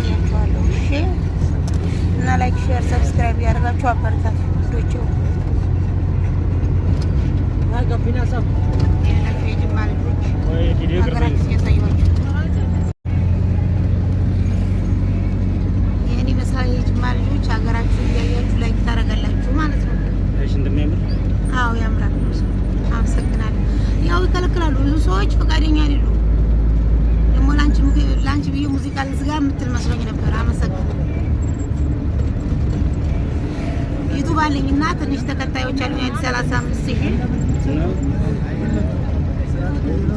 አሳያችኋለሁ። እሺ እና ላይክ፣ ሼር፣ ሰብስክራይብ ያደርጋችሁ አበረታቱ ዶቼ የጅማ ልጆች ሀገራችን እያሳዩ አዝናኝ ነበር። አመሰግናለሁ። ዩቱብ አለኝ እና ትንሽ ተከታዮች አሉ አይነት ሰላሳ አምስት ሺህ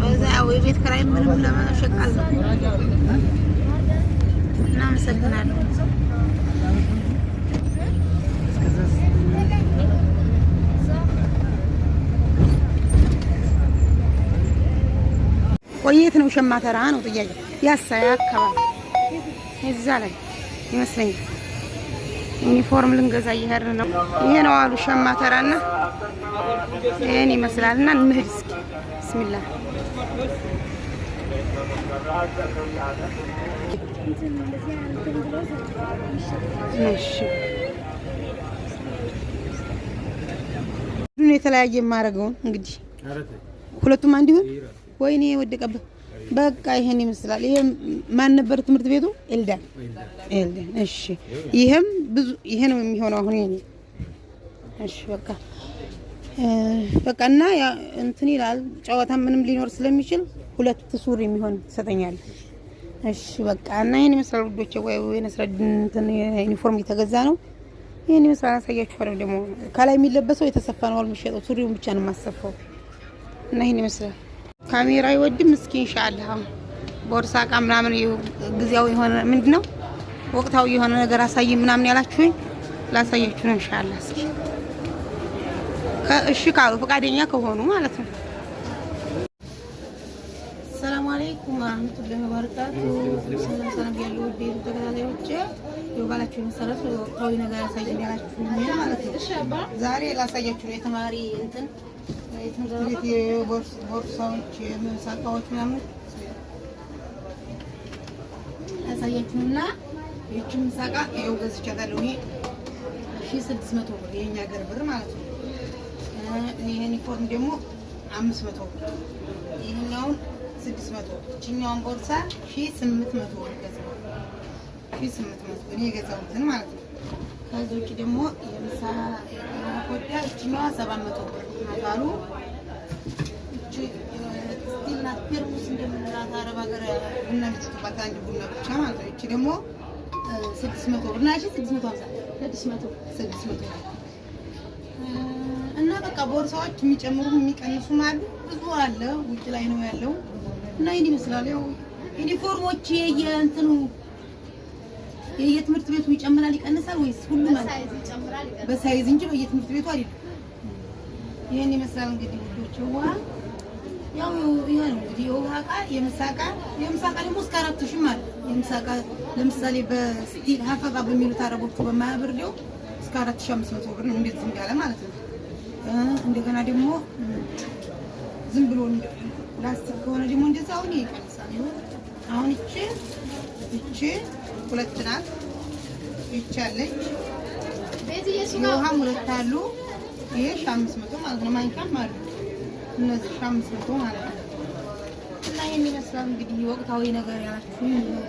በዛ ያው የቤት ክራይ ምንም ለመሸቃል ነው እና አመሰግናለሁ። ቆየት ነው ሸማተራ ነው ጥያቄ ያሳያ አካባቢ እዛ ላይ ይመስለኛል ዩኒፎርም ልንገዛ እየሄድን ነው። ይሄ ነው አሉ ሸማ ተራና ይሄን ይመስላል። እና እንሂድ እስኪ ብስሚላ የተለያየ የማደርገውን እንግዲህ ሁለቱም አንድ ይሁን። ወይኔ ወደቀበት በቃ ይሄን ይመስላል። ይሄ ማን ነበር ትምህርት ቤቱ? ኤልዳን ኤልዳን። እሺ፣ ይሄም ብዙ ይሄ ነው የሚሆነው አሁን ይሄ። እሺ፣ በቃ በቃ እና እንትን ይላል ጨዋታ ምንም ሊኖር ስለሚችል ሁለት ሱር የሚሆን ትሰጠኛለ። እሺ፣ በቃ እና ይሄን ይመስላል ውዶች። ወይ ወይ ነስረድ እንትን ዩኒፎርም እየተገዛ ነው። ይሄን ይመስላል አሳያችኋለሁ። ደግሞ ከላይ የሚለበሰው የተሰፋ ነው የሚሸጠው። ሱሪውን ብቻ ነው የማሰፋው እና ይሄን ይመስላል ካሜራ አይወድም። እስኪ ኢንሻአላህ ቦርሳ ቃ ምናምን ጊዜያዊ የሆነ ምንድን ነው ወቅታዊ የሆነ ነገር አሳይ ምናምን ያላችሁኝ ላሳያችሁ ነው ኢንሻአላህ። እስኪ እሺ ካሉ ፈቃደኛ ከሆኑ ማለት ነው። ሰላም አለይኩም ወራህመቱላሂ ወበረካቱ። ሰላም ሰላም ያለው ቤት ተከታታዮች የባላችሁ መሰረት ወቅታዊ ነገር አሳይ ያላችሁ ማለት ነው። ዛሬ ላሳያችሁ ነው የተማሪ እንትን ቤት የቦርሳዎች የምንሳቃዎች ምናምን ያሳያችሁና ይህች ምሳቃ ይኸው ገዝቻታለሁ። ይሄ ሺህ ስድስት መቶ ብር የእኛ ሀገር ብር ማለት ነው። ይህ ዩኒፎርም ደግሞ አምስት መቶ ብር፣ ይህኛውን ስድስት መቶ ብር፣ ይችኛውን ቦርሳ ሺህ ስምንት መቶ ብር ገዛሁ። ሺህ ስምንት መቶ ብር የገዛሁትን ማለት ነው። ከዚህ ውጭ ደግሞ የምሳ ኢትዮጵያ እችኛዋ ሰባት መቶ ቴርሙስ እንደምንላት አረብ ሀገር ቡና አንድ ቡና ብቻ ማለት ነው። እቺ ደግሞ ስድስት መቶ ስድስት መቶ ስድስት መቶ ስድስት መቶ እና በቃ ቦርሳዎች የሚጨምሩ የሚቀንሱም አሉ። ብዙ አለ ውጭ ላይ ነው ያለው እና ይህን ይመስላል ያው ዩኒፎርሞች የእንትኑ የየትምህርት ቤቱ ይጨምራል ይቀንሳል ወይስ ሁሉም ማለት በሳይዝ እንጂ በየትምህርት ቤቱ አይደለም። ይሄን ይመስላል እንግዲህ ውዶች። ውሃ ያው ይሄን እንግዲህ የውሃ ዕቃ፣ የምሳ ዕቃ። የምሳ ዕቃ ደግሞ እስከ አራት ሺህ ማለት የምሳ ዕቃ ለምሳሌ በስቲል ሀፈቃ በሚሉት አረቦቹ በማያበርደው እስከ አራት ሺህ አምስት መቶ ብር ነው እንደዚህ እንዳለ ማለት ነው። እንደገና ደግሞ ዝም ብሎ ላስቲክ ከሆነ ደግሞ እንደዛ አሁን ይቀንሳል። አሁን ይቺ ይቺ ሁለት ናት። ይቻለች የውሃም ሁለት አሉ። ይሄ ሺህ አምስት መቶ ማለት ነው። ማንኪያም አሉ። እነዚህ ሺህ አምስት መቶ ማለት ነው። እና ይሄን ይመስላል እንግዲህ ወቅታዊ ነገር ያላችሁ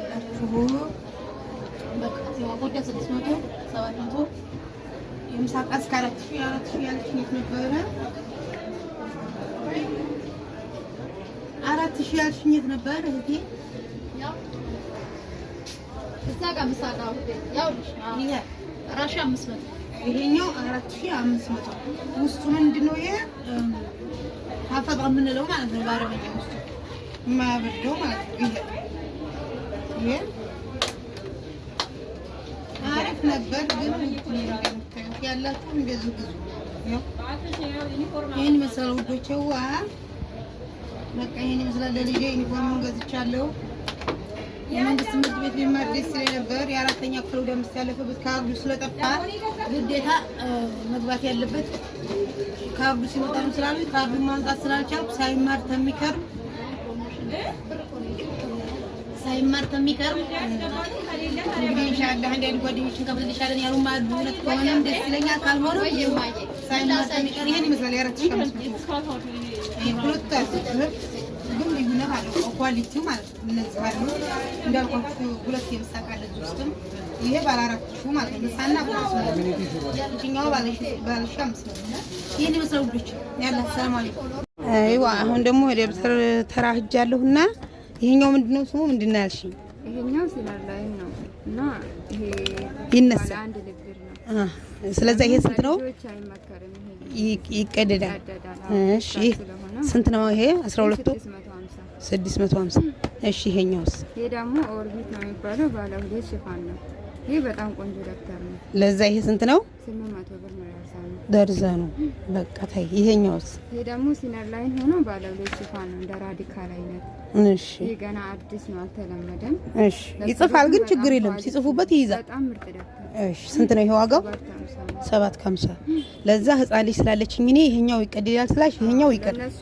ያላችሁ በቃ ስድስት መቶ ሰባት መቶ የምሳ ዕቃ እስከ ሺህ አራት ሺህ ያለች የት ነበረ? አራት ሺህ ያለች የት ነበረ እህቴ? እዛ ጋር ምሳና ያው ራሺ አምስት ይሄኛው አራት ውስጡ ምንድነው ነው? ይሄ ሀፈጣ የምንለው ማለት ነው በአረበኛ ውስጡ የማያበርደው ማለት ነው። ይሄ አሪፍ ነበር ግን ያላችሁ እንደዚህ ብዙ ይህን መሰለ ውዶቼዋ በቃ ይህን ይመስላል። ለልጄ ዩኒፎርም ገዝቻለሁ። የመንግስት ትምህርት ቤት ቢማር ደስ ይለኝ ነበር። የአራተኛ ክፍል ወደ አምስት ያለፈው ካርዱ ስለጠፋ ግዴታ መግባት ያለበት ካርዱ ሲወጣ ስላሉ ካርዱን ማምጣት ስላልቻልኩ ሳይማር ተሚከርም ሳይማር ተሚከርም ኢንሻአላህ አንዳንድ ጓደኞችን ከፍልልሻለን ያሉ ማዱ ሁለት ከሆነም ደስ ይለኛል። ካልሆነ ሳይማር ተሚከር ይሄን ይመስላል። የአራት ሺህ አምስት መቶ ማለት ነው። ኳሊቲው ማለት ነው። እነዚህ እንዳልኳችሁ ሁለት ውስጥም ይሄ ባለ አራት ማለት ነው። ምሳና ቁርስ ነው። ባለ አምስት ነው። ይመስላል ያለ ሰላም አለይኩም። አሁን ደግሞ ደብተር ተራ ይሄኛው ምንድነው ስሙ ምንድነው ይሄኛው ሲላላይ ነው እና ይሄ ይነሳል አንድ ልብር ነው። ስለዚህ ይሄ ስንት ነው? ይቀደዳል። እሺ ስንት ነው ይሄ 650 እሺ። ይሄኛውስ? ይሄ ደግሞ ኦርቢት ነው የሚባለው ባለ ሁለት ሽፋን ነው። ይሄ በጣም ቆንጆ ደብተር ነው። ለዛ ይሄ ስንት ነው? 800 ብር ነው ደርዘኑ። በቃ ታይ። ይሄኛውስ? ይሄ ደግሞ ሲነር ላይን ሆኖ ባለ ሁለት ሽፋን ነው እንደ ራዲካል አይነት። እሺ። ይሄ ገና አዲስ ነው አልተለመደም። እሺ። ይጽፋል ግን ችግር የለም ሲጽፉበት ይይዛል። በጣም ምርጥ ደብተር። እሺ። ስንት ነው ይሄ ዋጋው? ሰባት ከምሳ ለዛ ህጻን ልጅ ስላለችኝ እኔ ይሄኛው ይቀድላል ስላሽ ይሄኛው ይቀድላል።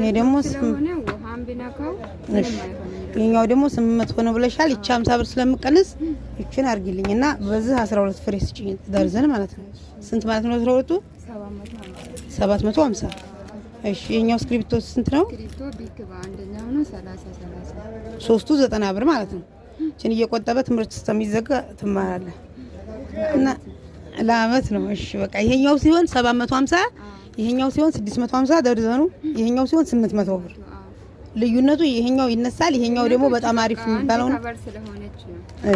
ይሄ ደግሞ ይኛው ደግሞ ስምንት መቶ ነው ብለሻል። ይቺ ሀምሳ ብር ስለምቀንስ ይችን አድርጊልኝ እና በዚህ አስራ ሁለት ፍሬ ስጭኝ ደርዘን ማለት ነው። ስንት ማለት ነው? አስራ ሁለቱ ሰባት መቶ ሀምሳ እሺ የኛው እስክሪብቶ ስንት ነው? ሶስቱ ዘጠና ብር ማለት ነው። እችን እየቆጠበ ትምህርት እስከሚዘጋ ትማራለህ እና ለአመት ነው። እሺ በቃ ይሄኛው ሲሆን 750 ይሄኛው ሲሆን 650 ደርዘኑ ይሄኛው ሲሆን 800 ብር ልዩነቱ ይሄኛው ይነሳል። ይሄኛው ደግሞ በጣም አሪፍ የሚባለው ነው።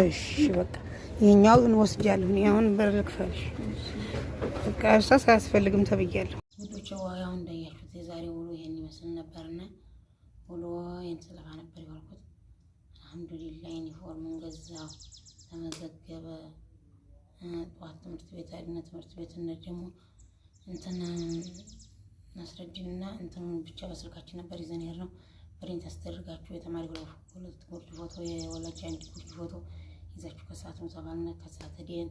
እሺ በቃ ይሄኛው እንወስጃለሁ። እኔ አሁን ብር ልክፈልሽ። በቃ እርሳስ አያስፈልግም ተብያለሁ። ልጆች ያው እንዳያችሁት የዛሬ ውሎ ይሄን ይመስል ነበርና ውሎ ይሄን ስለፋ ነበር ያልኩት። አልሐምዱሊላህ ዩኒፎርሙን ገዛው ተመዘገበ። ጠዋት ትምህርት ቤት አድነ ትምህርት ቤት እና ደግሞ እንትን አስረጅንና እንትኑን ብቻ በስልካችን ነበር ይዘን ሄድ ነው ፕሪንት አስደርጋችሁ የተማሪ ሁለት ጉርድ ፎቶ፣ የወላጅ አንድ ጉርድ ፎቶ ይዛችሁ ከሰዓት ሙሰባልና ከሰዓት ዲን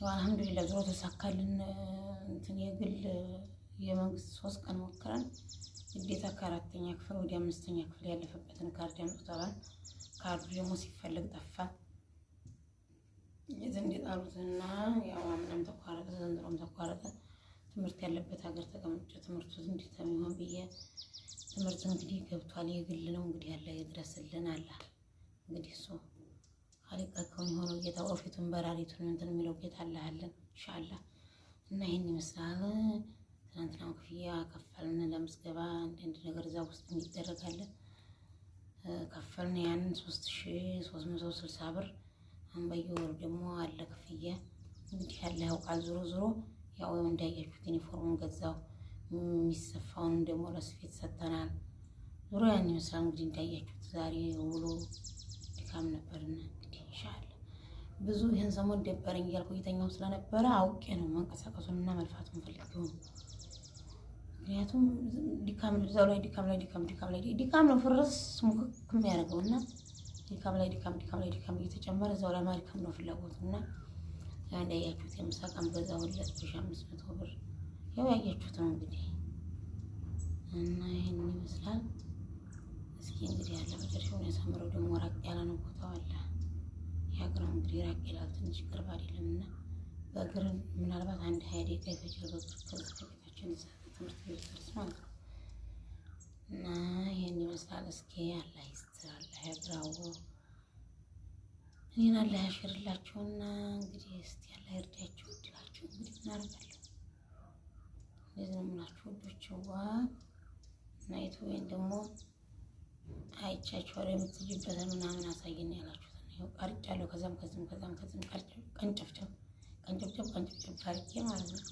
ያው አልሐምዱሊላ ዞሮ ተሳካልን። እንትን የግል የመንግስት ሶስት ቀን ሞክረን ግዴታ ከአራተኛ ክፍል ወደ አምስተኛ ክፍል ያለፈበትን ካርድ ያምጡታል። ካርዱ ደግሞ ሲፈልግ ጠፋ። የዘንድ እንዲጣሉትና ያው አምናም ተቋረጠ፣ ዘንድሮም ተቋረጠ። ትምህርት ያለበት ሀገር ተቀምጬ ትምህርቱ እንዴት ብዬ ትምህርት እንግዲህ ገብቷል። የግል ነው እንግዲህ ያለ ይድረስልን አለ እንግዲህ እሱ አሊቀከውን የሆነው ጌታ ወፊቱን በራሪቱን እንትን የሚለው ጌታ አለ አለሃለን እንሻላ እና ይህን ይመስላል። ትናንትና ክፍያ ከፈልን ለምዝገባ አንዳንድ ነገር እዛ ውስጥ እንዲደረጋለን ከፈልን ያንን ሶስት ሺ ሶስት መቶ ስልሳ ብር አንበየወሩ ደግሞ አለ ክፍያ እንግዲህ ያለ ያውቃል። ዞሮ ዞሮ ያው እንዳያችሁት ዩኒፎርሙን ገዛው የሚሰፋውንም ደግሞ ለስፌት ሰጥተናል። ዙሮ ያን ይመስላል እንግዲህ እንዳያችሁት ዛሬ ውሎ ድካም ነበርና እንግዲህ ብዙ ይህን ሰሞን ደበረኝ እያልኩ እየተኛው ስለነበረ አውቄ ነው መንቀሳቀሱንና መልፋቱን ፈልጌው ምክንያቱም ድካም እዛው ላይ ድካም ላይ ድካም ድካም ላይ ድካም ነው ፍርስ ሙክክ የሚያደርገው እና ድካም ላይ ድካም ድካም ላይ ድካም እየተጨመረ እዛው ላይ ማድካም ነው ፍላጎቱ እና እንዳያችሁት የምሳ ቀን በዛው ሁለት ሺህ አምስት መቶ ብር ያው ያያችሁት ነው እንግዲህ እና ይህን ይመስላል። እስኪ እንግዲህ ያለ መጨረሻውን ያሳምረው። ደግሞ ራቅ ያለ ነው ቦታው አለ የሀገራው እንግዲህ ራቅ ይላል፣ ትንሽ ቅርብ አይደለም እና በእግር ምናልባት አንድ ሀያ ደቂቃ ይፈጃል በእግር ከዚህ ከቤታችን እዛ ትምህርት ቤት ደርስ ማለት ነው እና ይህን ይመስላል። እስኪ አላህ ይስጥር፣ አላህ ያግራው እኔን አላህ ያሽርላችሁና እንግዲህ እስቲ አላህ ይርዳችሁ። እድላችሁ እንግዲህ ምናደርጋለሁ የዘመናችሁ ወዶችዋ ናይት ወይም ደግሞ አይቻችኋለሁ የምትጅበትን ምናምን አሳየን ያላችሁትን ይኸው ቀርጫለሁ። ከዛም ከዚም ከዛም ከዚም ቀንጨፍጨፍ ቀንጨፍጨፍ ቀንጨፍጨፍ አድርጌ ማለት ነው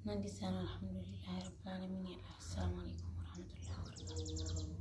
እና እንዲዛን አልሐምዱሊላህ ረብል ዓለሚን ያለ አሰላሙ አለይኩም ወረሕመቱላሂ ወበረካቱህ